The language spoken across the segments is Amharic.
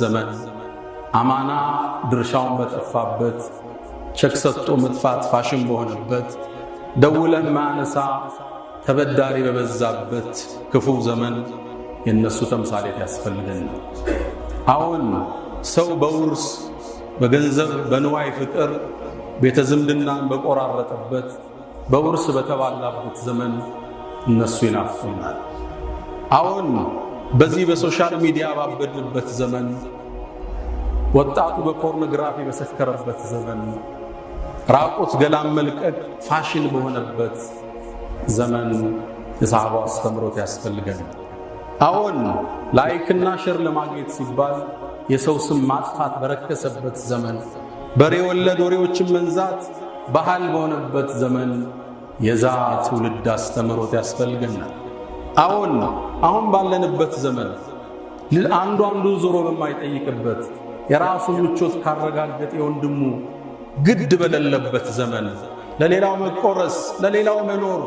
ዘመን አማና ድርሻውን በጠፋበት ቸክ ሰጥቶ መጥፋት ፋሽን በሆነበት ደውለን ማነሳ ተበዳሪ በበዛበት ክፉ ዘመን የነሱ ተምሳሌት ያስፈልገናል። አሁን ሰው በውርስ በገንዘብ በንዋይ ፍቅር ቤተ ዝምድናን በቆራረጠበት በውርስ በተባላበት ዘመን እነሱ ይናፍቁናል። አሁን በዚህ በሶሻል ሚዲያ ባበድንበት ዘመን ወጣቱ በፖርኖግራፊ በሰከረበት ዘመን ራቁት ገላም መልቀቅ ፋሽን በሆነበት ዘመን የሰሃባው አስተምሮት ያስፈልጋል። አዎን ላይክና ሸር ለማግኘት ሲባል የሰው ስም ማጥፋት በረከሰበት ዘመን፣ በሬ ወለድ ወሬዎችን መንዛት ባህል በሆነበት ዘመን የዛ ትውልድ አስተምሮት ያስፈልገናል። አዎን አሁን ባለንበት ዘመን አንዱ አንዱ ዞሮ በማይጠይቅበት የራሱ ምቾት ካረጋገጠ የወንድሙ ግድ በሌለበት ዘመን ለሌላው መቆረስ፣ ለሌላው መኖር፣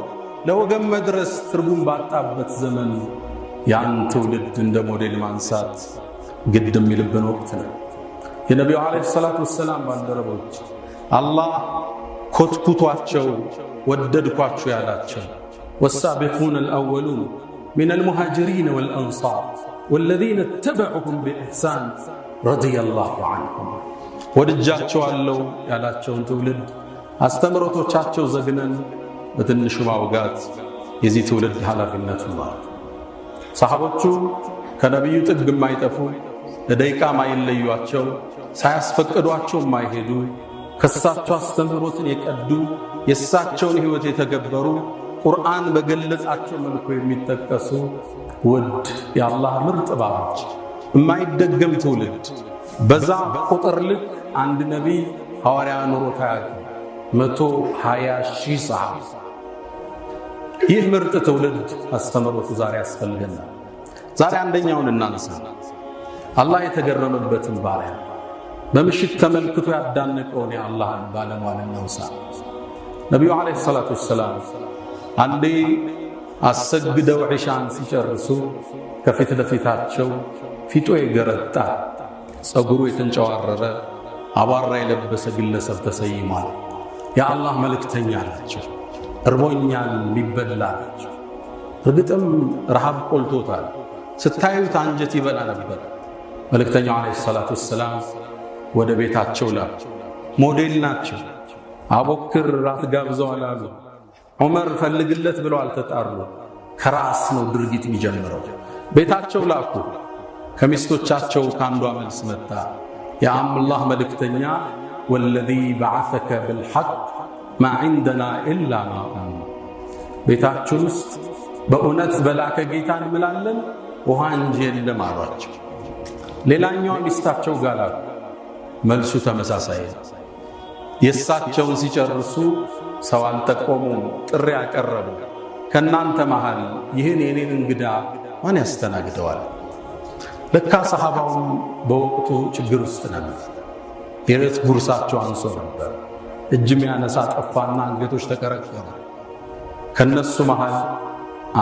ለወገን መድረስ ትርጉም ባጣበት ዘመን ያን ትውልድ እንደ ሞዴል ማንሳት ግድ የሚልብን ወቅት ነው። የነቢዩ ዓለይሂ ሰላቱ ወሰላም ባልደረቦች አላህ ኮትኩቷቸው ወደድኳቸው ያላቸው ወሳቢቁን አልአወሉን من المهاجرين والأنصار والذين اتبعهم بإحسان رضي الله عنهم ወድጃቸዋለሁ ያላቸውን ትውልድ አስተምሮቶቻቸው ዘግነን በትንሹ ማውጋት የዚህ ትውልድ ኃላፊነቱ ነው። ሰሃቦቹ ከነቢዩ ጥግ የማይጠፉ ለደቂቃ ማይለዩቸው፣ ሳያስፈቅዷቸው የማይሄዱ ከእሳቸው አስተምህሮትን የቀዱ የእሳቸውን ሕይወት የተገበሩ ቁርአን በገለጻቸው መልኩ የሚጠቀሱ ውድ የአላህ ምርጥ ባሮች፣ የማይደገም ትውልድ። በዛ ቁጥር ልክ አንድ ነቢይ ሐዋርያ ኑሮ ታያት መቶ ሀያ ሺህ ሰዓት። ይህ ምርጥ ትውልድ አስተምሮቱ ዛሬ ያስፈልገናል። ዛሬ አንደኛውን እናንሳ። አላህ የተገረመበትን ባሪያ በምሽት ተመልክቶ ያዳነቀውን የአላህን ባለሟል ነውሳ ነቢዩ ዓለይሂ ሰላቱ ወሰላም አንዴ አሰግደው ዒሻን ሲጨርሱ ከፊት ለፊታቸው ፊቱ የገረጣ ጸጉሩ የተንጨዋረረ አቧራ የለበሰ ግለሰብ ተሰይሟል። የአላህ መልእክተኛ ናቸው። እርቦኛን ሊበላ ናቸው። እርግጥም ረሃብ ቆልቶታል። ስታዩት አንጀት ይበላ ነበር። መልእክተኛው ዓለይሂ ሰላቱ ወሰላም ወደ ቤታቸው ላ ሞዴል ናቸው። አቦክር ራት ጋብዘዋል አሉ። ዑመር ፈልግለት ብለው አልተጣሩ። ከራስ ነው ድርጊት የሚጀምረው። ቤታቸው ላኩ። ከሚስቶቻቸው ከአንዷ መልስ መጣ። የአምላህ መልእክተኛ ወለዚ በዓሰከ ብልሐቅ ማ ዒንደና ኢላ ማኡን፣ ቤታችን ውስጥ በእውነት በላከ ጌታ እንምላለን ውሃ እንጂ የለም አሏቸው። ሌላኛዋ ሚስታቸው ጋር ላኩ። መልሱ ተመሳሳይ ነው። የእሳቸውን ሲጨርሱ ሰው አልጠቆሙም፣ ጥሪ አቀረቡ። ከእናንተ መሃል ይህን የኔን እንግዳ ማን ያስተናግደዋል? ለካ ሰሃባውም በወቅቱ ችግር ውስጥ ነበር። የቤት ጉርሳቸው አንሶ ነበር። እጅ ያነሳ ጠፋና አንገቶች ተቀረቀሩ። ከነሱ መሃል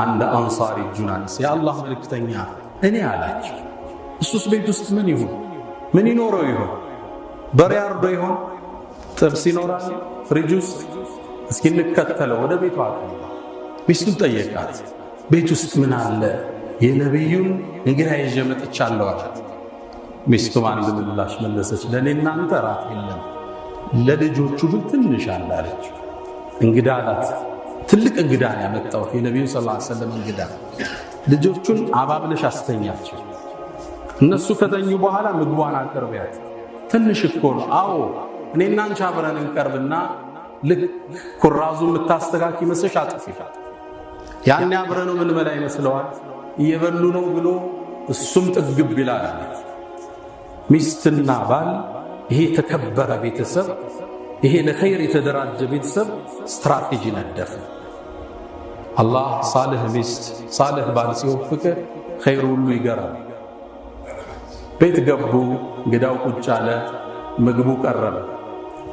አንድ አንሳሪ እጁን አነሳ። የአላህ መልእክተኛ እኔ አላቸው። እሱስ ቤት ውስጥ ምን ይሁን? ምን ይኖረው ይሆን? በሬ አርዶ ይሆን? ጥብስ ይኖራል ፍሪጅ ውስጥ እስኪንከተለው ወደ ቤቷ አቀና። ሚስቱን ጠየቃት፣ ቤት ውስጥ ምን አለ? የነቢዩን እንግዳ ይዤ መጥቻለሁ አላት። ሚስቱም አንድ ምላሽ መለሰች፣ ለእኔ እናንተ ራት የለም ለልጆቹ ግን ትንሽ አለ አለች። እንግዳ አላት፣ ትልቅ እንግዳ ነው ያመጣሁት፣ የነቢዩ ስ ሰለም እንግዳ። ልጆቹን አባብለሽ አስተኛቸው። እነሱ ከተኙ በኋላ ምግቧን አቅርቢያት። ትንሽ እኮ ነው። አዎ እኔና አንቺ አብረን እንቀርብና ልክ ኩራዙ የምታስተካክ ይመስልሽ አጥፊ ያኔ አብረ ነው መላ ይመስለዋል። እየበሉ ነው ብሎ እሱም ጥግብ ይላል። ሚስትና ባል ይሄ የተከበረ ቤተሰብ ይሄ ለኸይር የተደራጀ ቤተሰብ ስትራቴጂ ነደፈ። አላህ ሳልህ ሚስት ሳልህ ባል ሲወፍቅ ኸይር ሁሉ ይገራል። ቤት ገቡ፣ እንግዳው ቁጭ አለ፣ ምግቡ ቀረበ።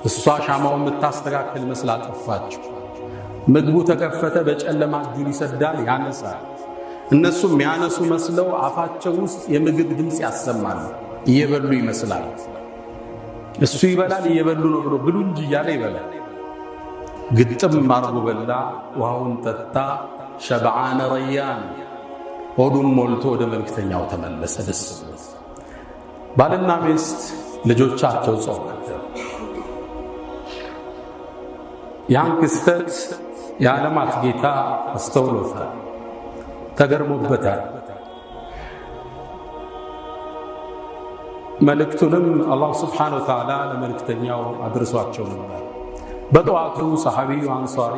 እሷ ሻማውን የምታስተካክል መስል ጠፋች። ምግቡ ተከፈተ። በጨለማ እጁን ይሰዳል፣ ያነሳል። እነሱም ያነሱ መስለው አፋቸው ውስጥ የምግብ ድምፅ ያሰማሉ። እየበሉ ይመስላል። እሱ ይበላል። እየበሉ ነው ብሎ ብሉ እንጂ እያለ ይበላል። ግጥም አርጎ በላ። ውሃውን ጠጣ። ሸብዓነ ረያን፣ ሆዱም ሞልቶ ወደ መልክተኛው ተመለሰ። ደስ ባልና ሚስት ልጆቻቸው ጾመ ያን ክስተት የዓለማት ጌታ አስተውሎታል፣ ተገርሞበታል። መልእክቱንም አላህ ስብሓነ ወተዓላ ለመልእክተኛው አድርሷቸው ነበር። በጠዋቱ ሰሐቢዩ አንሷሪ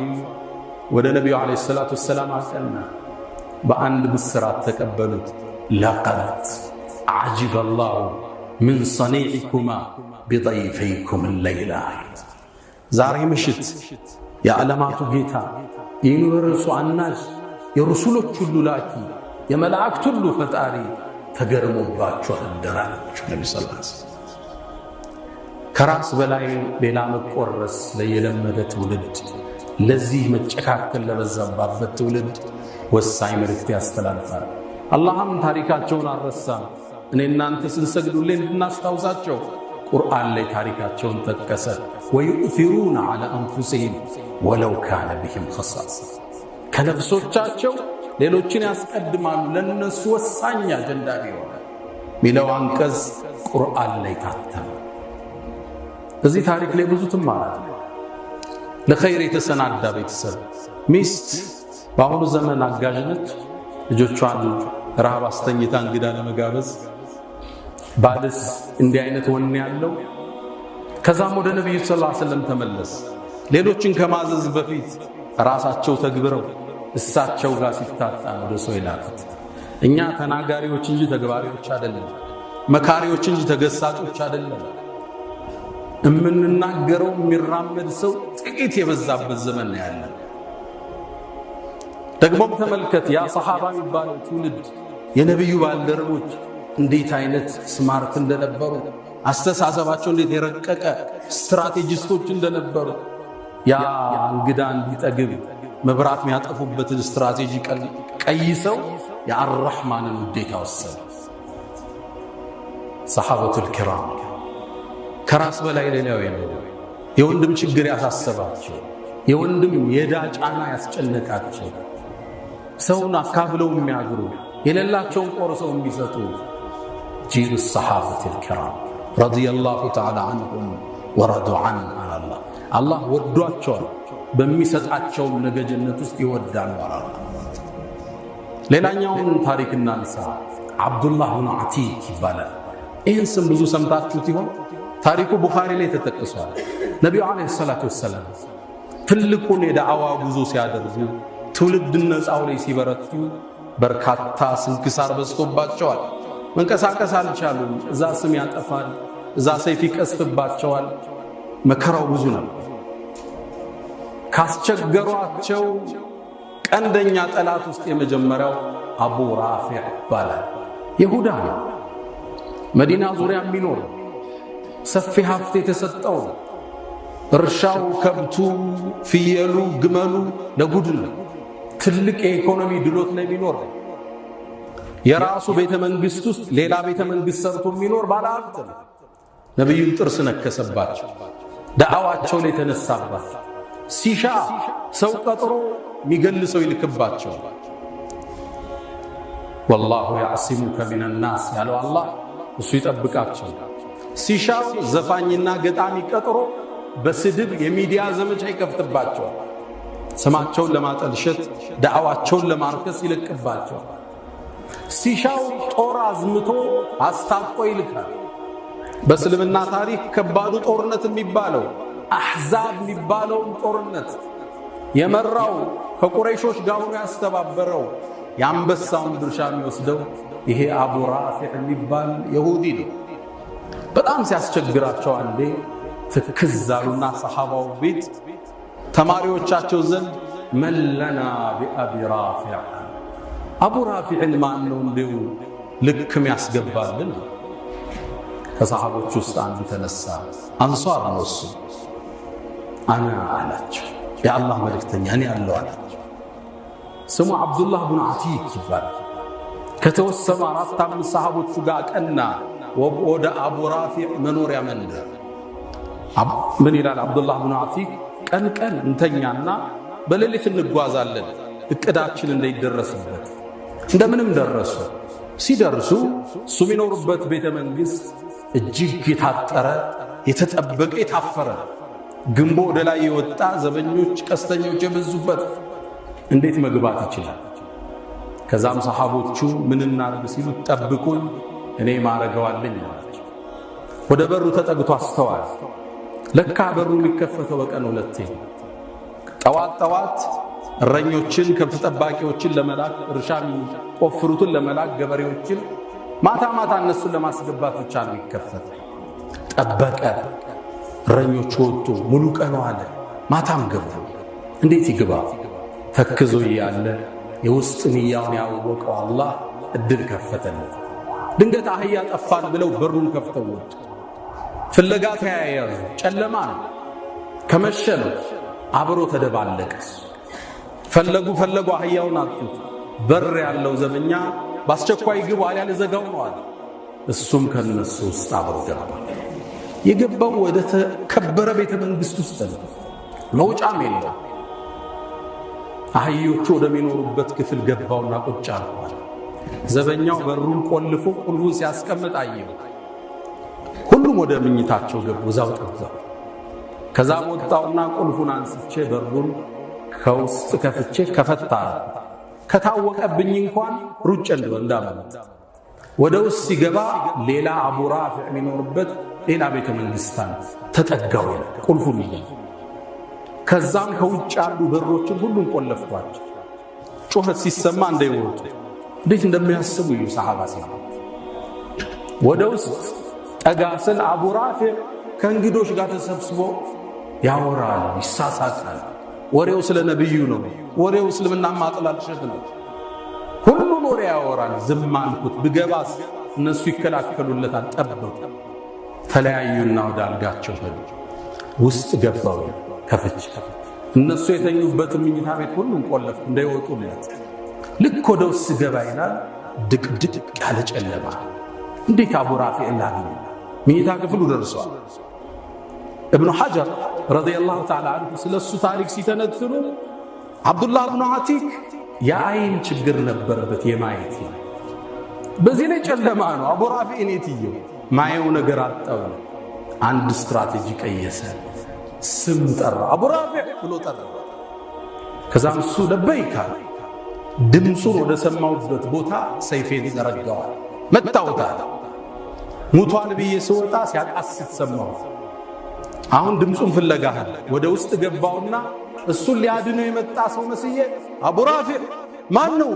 ወደ ነቢዩ ዓለይሂ ሰላቱ ወሰላም አቀና። በአንድ ብስራት ተቀበሉት። ለቀት ዓጂበ አላሁ ምን ሰኒዕኩማ ቢጠይፈይኩም ለይላ ዛሬ ምሽት የዓለማቱ ጌታ የዩኒቨርሱ አናጅ የሩሱሎች ሁሉ ላኪ የመላእክት ሁሉ ፈጣሪ ተገርሞባቸው አደራላቸው። ነቢ ከራስ በላይ ሌላ መቆረስ ለየለመደ ትውልድ ለዚህ መጨካከል ለበዛባበት ትውልድ ወሳኝ መልእክት ያስተላልፋል። አላህም ታሪካቸውን አልረሳም። እኔ እናንተ ስንሰግዱልኝ እንድናስታውሳቸው ቁርአን ላይ ታሪካቸውን ጠቀሰ። ወዩእፊሩና ዐላ አንፉሲሂም ወለው ካነ ብህም ኸሳሳ ከነፍሶቻቸው ሌሎችን ያስቀድማሉ ለነሱ ወሳኝ አጀንዳ ቢሆናል ሚለው አንቀጽ ቁርአን ላይ ታተመ። እዚህ ታሪክ ላይ ብዙ ትማራት ለኸይር የተሰናዳ ቤተሰብ ሚስት በአሁኑ ዘመን አጋዥነት ልጆቿን ረሃብ አስተኝታ እንግዳ ለመጋበዝ ባልስ እንዲህ አይነት ወኔ ያለው ከዛም ወደ ነቢዩ ሰለላሁ ዐለይሂ ወሰለም ተመለስ። ሌሎችን ከማዘዝ በፊት ራሳቸው ተግብረው እሳቸው ጋር ሲታጣን ወደ ሰው ይላኩት። እኛ ተናጋሪዎች እንጂ ተግባሪዎች አይደለም፣ መካሪዎች እንጂ ተገሳጮች አይደለም። የምንናገረው የሚራመድ ሰው ጥቂት የበዛበት ዘመን ነው ያለን። ደግሞም ተመልከት ያ ሰሐባ የሚባለው ትውልድ የነቢዩ ባልደረቦች እንዴት አይነት ስማርት እንደነበሩ፣ አስተሳሰባቸው እንዴት የረቀቀ ስትራቴጂስቶች እንደነበሩ ያ እንግዳ እንዲጠግብ መብራት የሚያጠፉበትን ስትራቴጂ ቀይሰው የአራሕማንን ውዴታ ወሰዱ። ሰሓበቱል ኪራም ከራስ በላይ ሌላው የለው። የወንድም ችግር ያሳሰባቸው፣ የወንድም የዳ ጫና ያስጨነቃቸው፣ ሰውን አካፍለው የሚያግሩ፣ የሌላቸውን ቆርሰው የሚሰጡ ጂል ሰሓበት ልኪራም ረዲየላሁ ተዓላ አንሁም ወረዱ አን አላላ አላህ ወዷቸዋል በሚሰጣቸውም ነገ ጀነት ውስጥ ይወዳል አላላ ሌላኛውን ታሪክ እናንሳ አብዱላህ ብኑ አቲክ ይባላል ይህን ስም ብዙ ሰምታችሁት ይሆን ታሪኩ ቡኻሪ ላይ ተጠቅሷል ነቢዩ ዓለይሂ ሰላቱ ወሰላም ትልቁን የዳዕዋ ጉዞ ሲያደርጉ ትውልድ ነፃው ላይ ሲበረቱ በርካታ ስንክሳር በዝቶባቸዋል መንቀሳቀስ አልቻሉም። እዛ ስም ያጠፋል፣ እዛ ሰይፍ ይቀስፍባቸዋል። መከራው ብዙ ነው። ካስቸገሯቸው ቀንደኛ ጠላት ውስጥ የመጀመሪያው አቡ ራፊዕ ይባላል። ይሁዳ ነው። መዲና ዙሪያ የሚኖር ሰፊ ሀብት የተሰጠው እርሻው፣ ከብቱ፣ ፍየሉ፣ ግመሉ ለጉድ ነው። ትልቅ የኢኮኖሚ ድሎት ላይ የሚኖር የራሱ ቤተ መንግስት ውስጥ ሌላ ቤተ መንግስት ሰርቶ የሚኖር ባለ ነው። ነቢዩን ጥርስ ነከሰባቸው፣ ደዓዋቸው ላይ ተነሳባቸው። ሲሻ ሰው ቀጥሮ የሚገልሰው ይልክባቸው። ወላሁ ያዕሲሙከ ሚነናስ ያለው አላህ እሱ ይጠብቃቸው። ሲሻው ዘፋኝና ገጣሚ ቀጥሮ በስድብ የሚዲያ ዘመቻ ይከፍትባቸዋል። ስማቸውን ለማጠልሸት፣ ደዓዋቸውን ለማርከስ ይለቅባቸዋል። ሲሻው ጦር አዝምቶ አስታጥቆ ይልካል። በእስልምና ታሪክ ከባዱ ጦርነት የሚባለው አሕዛብ የሚባለውን ጦርነት የመራው ከቁረይሾች ጋር ሆኖ ያስተባበረው የአንበሳውን ድርሻ የሚወስደው ይሄ አቡ ራፊዕ የሚባል የሁዲ ነው። በጣም ሲያስቸግራቸው አንዴ ትክዝ አሉና ሰሓባው ቤት ተማሪዎቻቸው ዘንድ መለና ቢአቢ ራፊዕ አቡ ራፊዕን ማን ነው እንዲሁ ልክም ያስገባልን? ከሰሃቦች ውስጥ አንዱ ተነሳ። አንሷር ነው እሱ። አና አላቸው፣ የአላህ መልእክተኛ እኔ አለው አላቸው። ስሙ አብዱላህ ብን ዓቲክ ይባላል። ከተወሰኑ አራት አምስት ሰሃቦቹ ጋር ቀና ወደ አቡ ራፊዕ መኖሪያ መንደር። ምን ይላል አብዱላህ ብን ዓቲክ? ቀን ቀን እንተኛና በሌሊት እንጓዛለን እቅዳችን እንዳይደረስበት እንደምንም ደረሱ። ሲደርሱ እሱ የሚኖሩበት ቤተ መንግሥት እጅግ የታጠረ የተጠበቀ የታፈረ ግንቦ ወደ ላይ የወጣ ዘበኞች፣ ቀስተኞች የበዙበት እንዴት መግባት ይችላል? ከዛም ሰሓቦቹ ምን እናርግ ሲሉ ጠብቁኝ እኔ ማረገዋለኝ አላቸው። ወደ በሩ ተጠግቶ አስተዋል። ለካ በሩ የሚከፈተው በቀን ሁለቴ ጠዋት ጠዋት እረኞችን ከብት ጠባቂዎችን ለመላክ እርሻ የሚቆፍሩትን ለመላክ ገበሬዎችን ማታ ማታ እነሱን ለማስገባት ብቻ ነው ይከፈት። ጠበቀ። እረኞቹ ወጡ። ሙሉ ቀኑ አለ፣ ማታም ገቡ። እንዴት ይግባ? ተክዞ እያለ የውስጥ ንያውን ያወቀው አላህ እድል ከፈተለት። ድንገት አህያ ጠፋን ብለው በሩን ከፍተው ወጡ። ፍለጋ ተያያዙ። ጨለማ ነው፣ ከመሸ ነው፣ አብሮ ተደባለቀ። ፈለጉ ፈለጉ አህያውን አጡት። በር ያለው ዘበኛ በአስቸኳይ ግብ አልያ ልዘጋው ነው አለ። እሱም ከነሱ ውስጥ አብሮ ገባ። የገባው ወደ ተከበረ ቤተ መንግሥት ውስጥ ነው። መውጫም የለው። አህዮቹ ወደሚኖሩበት ክፍል ገባውና ቁጭ አልኳል። ዘበኛው በሩን ቆልፎ ቁልፉ ሲያስቀምጥ አየው። ሁሉም ወደ ምኝታቸው ገቡ። እዛው ጠብዛው ከዛም ወጣውና ቁልፉን አንስቼ በሩን ከውስጥ ከፍቼ ከፈታ ከታወቀብኝ እንኳን ሩጭ እንደው እንዳመልጥ ወደ ውስጥ ሲገባ ሌላ አቡ የሚኖርበት ሌላ ቤተ መንግስታን ተጠጋው ቁልፉን ይዘ ከዛም ከውጭ ያሉ በሮችን ሁሉን ቆለፍኳቸው። ጩኸት ሲሰማ እንደይወጡ እንዴት እንደሚያስቡ እዩ ሰሓባ ሲ ወደ ውስጥ ጠጋ ስል አቡ ከእንግዶች ጋር ተሰብስቦ ያወራሉ፣ ይሳሳቃል። ወሬው ስለ ነብዩ ነው። ወሬው እስልምና ማጥላል ሸት ነው። ሁሉን ወሬ ያወራል። ዝም አልኩት ብገባስ እነሱ ይከላከሉለታል። ጠበቁ። ተለያዩና ወደ አልጋቸው ሄዱ። ውስጥ ገባው ከፍቼ እነሱ የተኙበት ምኝታ ቤት ሁሉን ቆለፍ እንዳይወጡለት። ልክ ወደ ውስጥ ገባ ይላል ድቅድቅ ያለ ጨለማ። እንዴት አቡ ራፊዕ ምኝታ ክፍሉ ደርሰዋል። እብኑ ሐጀር ረዲየላሁ ተዓላ አንሁ ስለሱ ታሪክ ሲተነትኑ አብዱላህ ብኑ አቲክ የአይን ችግር ነበረበት፣ የማየት በዚህ ላይ ጨለማ ነው። አቡ ራፊዕ ኔትየው ማየው ነገር አጣው። አንድ ስትራቴጂ ቀየሰ። ስም ጠራ፣ አቡ ራፊዕ ብሎ ጠራ። ከዛም እሱ ለበይካ ድምፁን ወደ ሰማሁበት ቦታ ሰይፌን ዘረጋዋል፣ መታውታል። ሙቷል ብዬ ስወጣ ሲያቃስት ሰማሁት። አሁን ድምፁን ፍለጋሃል ወደ ውስጥ ገባውና እሱን ሊያድነው የመጣ ሰው መስዬ አቡ ራፊዕ ማን ነው?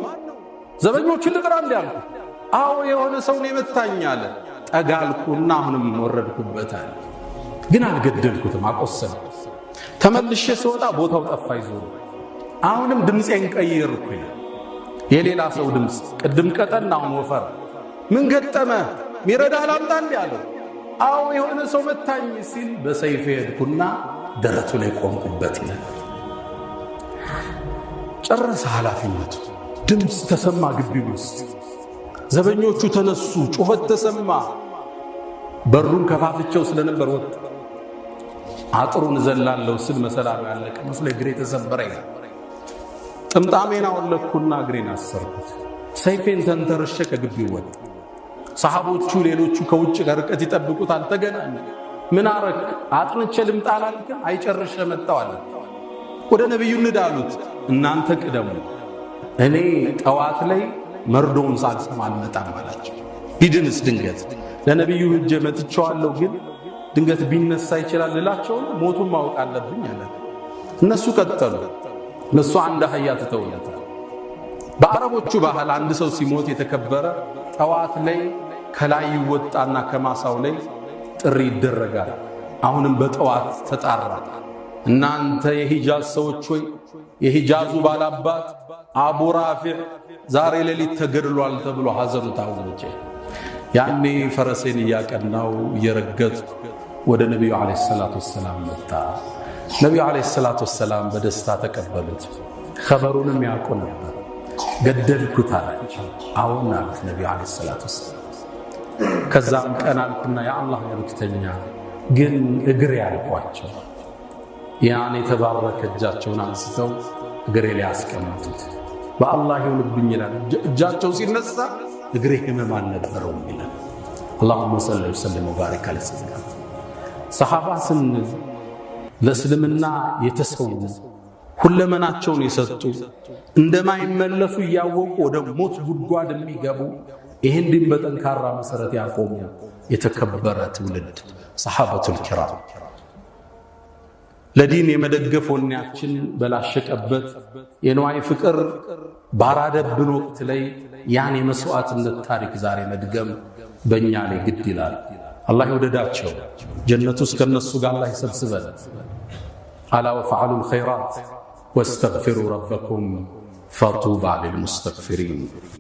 ዘበኞቹን ልጥራ እንዲ አልኩ። አዎ የሆነ ሰውን የመታኝ አለ። ጠጋልኩና አሁንም ወረድኩበታል ግን አልገደልኩትም፣ አቆሰል ተመልሼ ስወጣ ቦታው ጠፋ ይዞ አሁንም ድምፄን ቀየርኩ። የሌላ ሰው ድምፅ ቅድም ቀጠን፣ አሁን ወፈር። ምን ገጠመ? ሚረዳ ላምጣ እንዲ አለው አዎ የሆነ ሰው መታኝ ሲል በሰይፍ ሄድኩና ደረቱ ላይ ቆምኩበት ይላል። ጨረሰ ኃላፊነቱ። ድምፅ ተሰማ ግቢ ውስጥ። ዘበኞቹ ተነሱ፣ ጩኸት ተሰማ። በሩን ከፋፍቸው ስለነበር ወጥ አጥሩን ዘላለው ስል መሰላሉ ያለቀ ላይ እግሬ ተሰበረ። ይላል። ጥምጣሜን አወለኩና እግሬን አሰርኩት። ሰይፌን ተንተርሼ ከግቢ ወጥ ሰሃቦቹ ሌሎቹ ከውጭ ከርቀት ይጠብቁታል። ተገናኙ። ምን አረክ? አጥንቼ ልምጣ አላልክ? አይጨርሼ መጣሁ አለ። ወደ ነቢዩ እንዳሉት እናንተ ቅደሙ፣ እኔ ጠዋት ላይ መርዶውን ሳልሰማ አልመጣም አላቸው። ቢድንስ ድንገት ለነቢዩ ሂጄ መጥቼዋለሁ፣ ግን ድንገት ቢነሳ ይችላል ልላቸውን ሞቱን ማወቅ አለብኝ አለ። እነሱ ቀጠሉ። እነሱ አንድ አህያ ትተውለታል። በአረቦቹ ባህል አንድ ሰው ሲሞት የተከበረ ጠዋት ላይ ከላይ ይወጣና ከማሳው ላይ ጥሪ ይደረጋል። አሁንም በጠዋት ተጣራ። እናንተ የሂጃዝ ሰዎች ሆይ የሂጃዙ ባላባት አቡ ራፊዕ ዛሬ ሌሊት ተገድሏል ተብሎ ሐዘኑ ታወጀ። ያኔ ፈረሴን እያቀናው እየረገጥ ወደ ነቢዩ ዓለይሂ ሰላቱ ወሰላም መጣ። ነቢዩ ዓለይሂ ሰላቱ ወሰላም በደስታ ተቀበሉት። ኸበሩንም ያውቁ ነበር። ገደልኩት አላቸው። አዎን አሉት ነቢዩ ዓለይሂ ሰላቱ ወሰላም ከዛም ቀን አልኩና የአላህ መልእክተኛ ግን እግሬ ያልኳቸው ያን የተባረከ እጃቸውን አንስተው እግሬ ላይ ያስቀምጡት። በአላህ ይሁንብኝ ይላል። እጃቸው ሲነሳ እግሬ ህመም አልነበረውም ይላል። አላሁመ ሰለ ወሰለም ወባሪክ አለ ሰሓባ ስንል ለእስልምና የተሰው ሁለመናቸውን የሰጡ እንደማይመለሱ እያወቁ ወደ ሞት ጉድጓድ የሚገቡ ይህን ዲን በጠንካራ መሰረት ያቆሙ የተከበረ ትውልድ ሰሓበቱል ኪራም ለዲን የመደገፍ ወኔያችን በላሸቀበት የንዋይ ፍቅር ባራደብን ወቅት ላይ ያን የመስዋዕትነት ታሪክ ዛሬ መድገም በእኛ ላይ ግድ ይላል። አላህ ይወደዳቸው፣ ጀነቱ ውስጥ ከነሱ ጋር አላህ ይሰብስበን። አላ ወፈዓሉ ልኸይራት ወስተግፊሩ ረበኩም ፈጡባ ሊልሙስተግፊሪን